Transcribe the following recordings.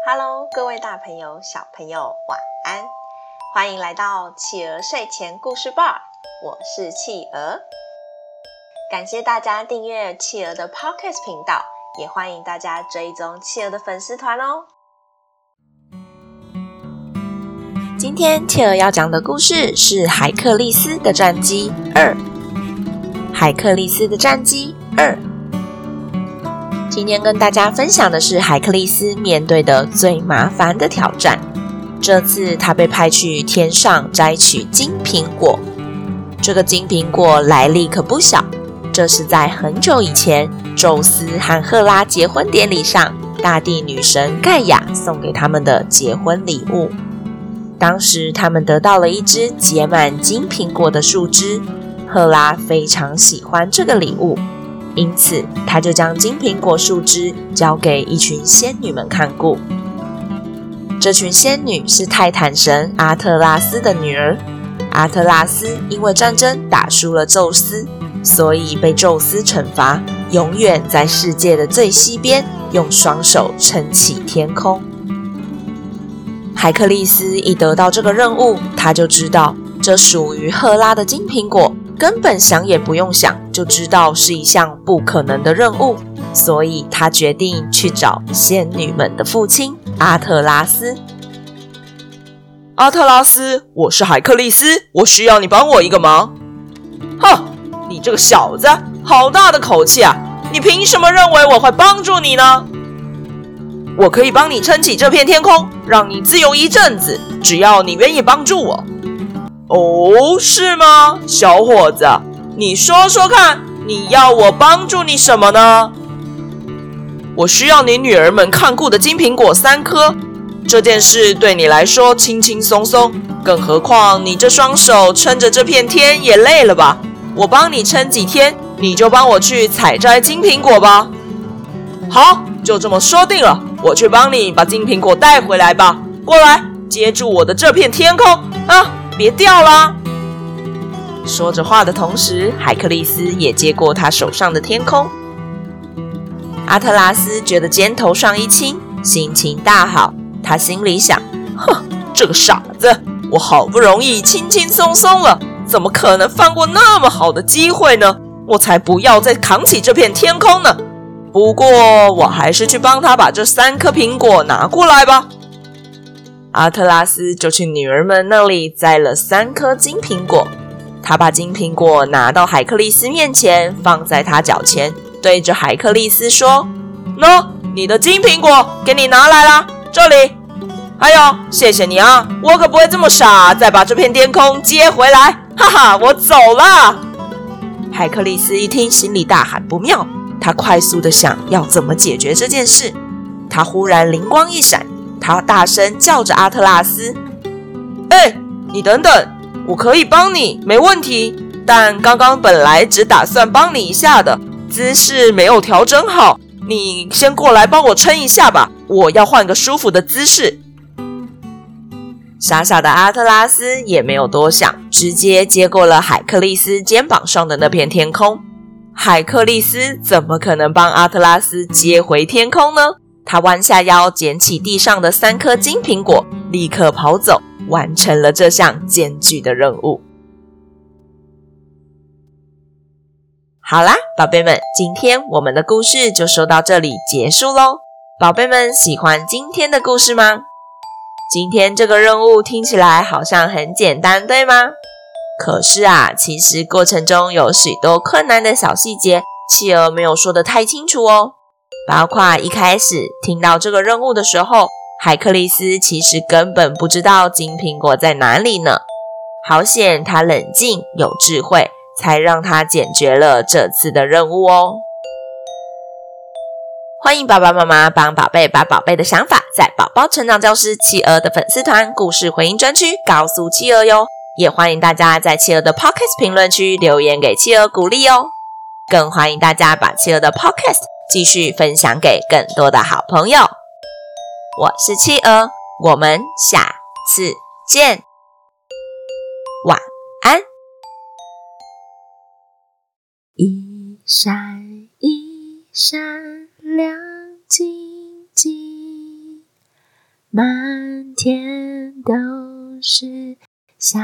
哈嘍，Hello, 各位大朋友、小朋友，晚安！歡迎來到企鵝睡前故事吧，我是企鵝。感謝大家訂閱企鵝的 Podcast 頻道，也歡迎大家追蹤企鵝的粉絲團哦。今天企鵝要講的故事是海克力斯的戰績二，海克力斯的戰績二。今天跟大家分享的是海克力斯面對的最麻煩的挑戰。這次他被派去天上摘取金蘋果。這個金蘋果來歷可不小，這是在很久以前，宙斯和赫拉結婚典禮上，大地女神蓋亞送給他們的結婚禮物。當時他們得到了一隻結滿金蘋果的樹枝，赫拉非常喜歡這個禮物。因此，他就將金蘋果樹枝交給一群仙女們看顧。這群仙女是泰坦神阿特拉斯的女兒。阿特拉斯因為戰爭打輸了宙斯，所以被宙斯懲罰，永遠在世界的最西邊用雙手撐起天空。海克利斯一得到這個任務，他就知道這屬於赫拉的金蘋果。根本想也不用想，就知道是一項不可能的任務，所以他決定去找仙女們的父親阿特拉斯。阿特拉斯，我是海克力斯，我需要你幫我一個忙。哼，你這個小子，好大的口氣啊！你憑什麼認為我會幫助你呢？我可以幫你撐起這片天空，讓你自由一陣子，只要你願意幫助我。哦，是嗎？小伙子，你說說看，你要我幫助你什麼呢？我需要你女兒們看顧的金蘋果三顆。這件事對你來說輕輕鬆鬆，更何況你這雙手撐着這片天也累了吧？我幫你撐幾天，你就幫我去採摘金蘋果吧。好，就這麼說定了。我去幫你把金蘋果帶回來吧。過來，接住我的這片天空啊！別掉了啊！說着話的同時，海克力斯也接過他手上的天空。阿特拉斯覺得肩頭上一輕，心情大好。他心裡想：哼，這個傻子，我好不容易輕輕鬆鬆了，怎麼可能放過那麼好的機會呢？我才不要再扛起這片天空呢。不過，我還是去幫他把這三顆蘋果拿過來吧。阿特拉斯就去女兒們那裡摘了三顆金蘋果，他把金蘋果拿到海克力斯面前，放在他腳前，對着海克力斯說：“喏，你的金蘋果給你拿來啦，這裡。還有，謝謝你啊，我可不會這麼傻，再把這片天空接回來。哈哈，我走啦。海克力斯一聽，心裡大喊不妙，他快速的想要怎麼解決這件事，他忽然靈光一閃。他大聲叫着：“阿特拉斯，哎、欸，你等等，我可以幫你，沒問題。但剛剛本來只打算幫你一下的，姿勢沒有調整好，你先過來幫我撐一下吧，我要換個舒服的姿勢。”傻傻的阿特拉斯也沒有多想，直接接過了海克力斯肩膀上的那片天空。海克力斯怎麼可能幫阿特拉斯接回天空呢？他彎下腰撿起地上的三顆金蘋果，立刻跑走，完成了這項艱鉅的任務。好啦，寶貝們，今天我們的故事就說到這裡結束嘍。寶貝們喜歡今天的故事嗎？今天這個任務聽起來好像很簡單，對嗎？可是啊，其實過程中有許多困難的小細節，企鵝沒有說得太清楚哦。包括一開始聽到這個任務的時候，海克力斯其實根本不知道金蘋果在哪裡呢。好險，他冷靜有智慧，才讓他解決了這次的任務哦。歡迎爸爸媽媽幫寶貝把寶貝的想法，在寶寶成長教室企鵝的粉絲團故事回應專區告訴企鵝喲。也歡迎大家在企鵝的 Podcast 評論區留言給企鵝鼓勵哦，更歡迎大家把企鵝的 Podcast 繼續分享給更多的好朋友。我是企鵝，我們下次見，晚安。一閃一閃亮晶晶，滿天都是小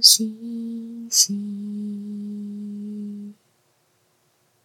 星星。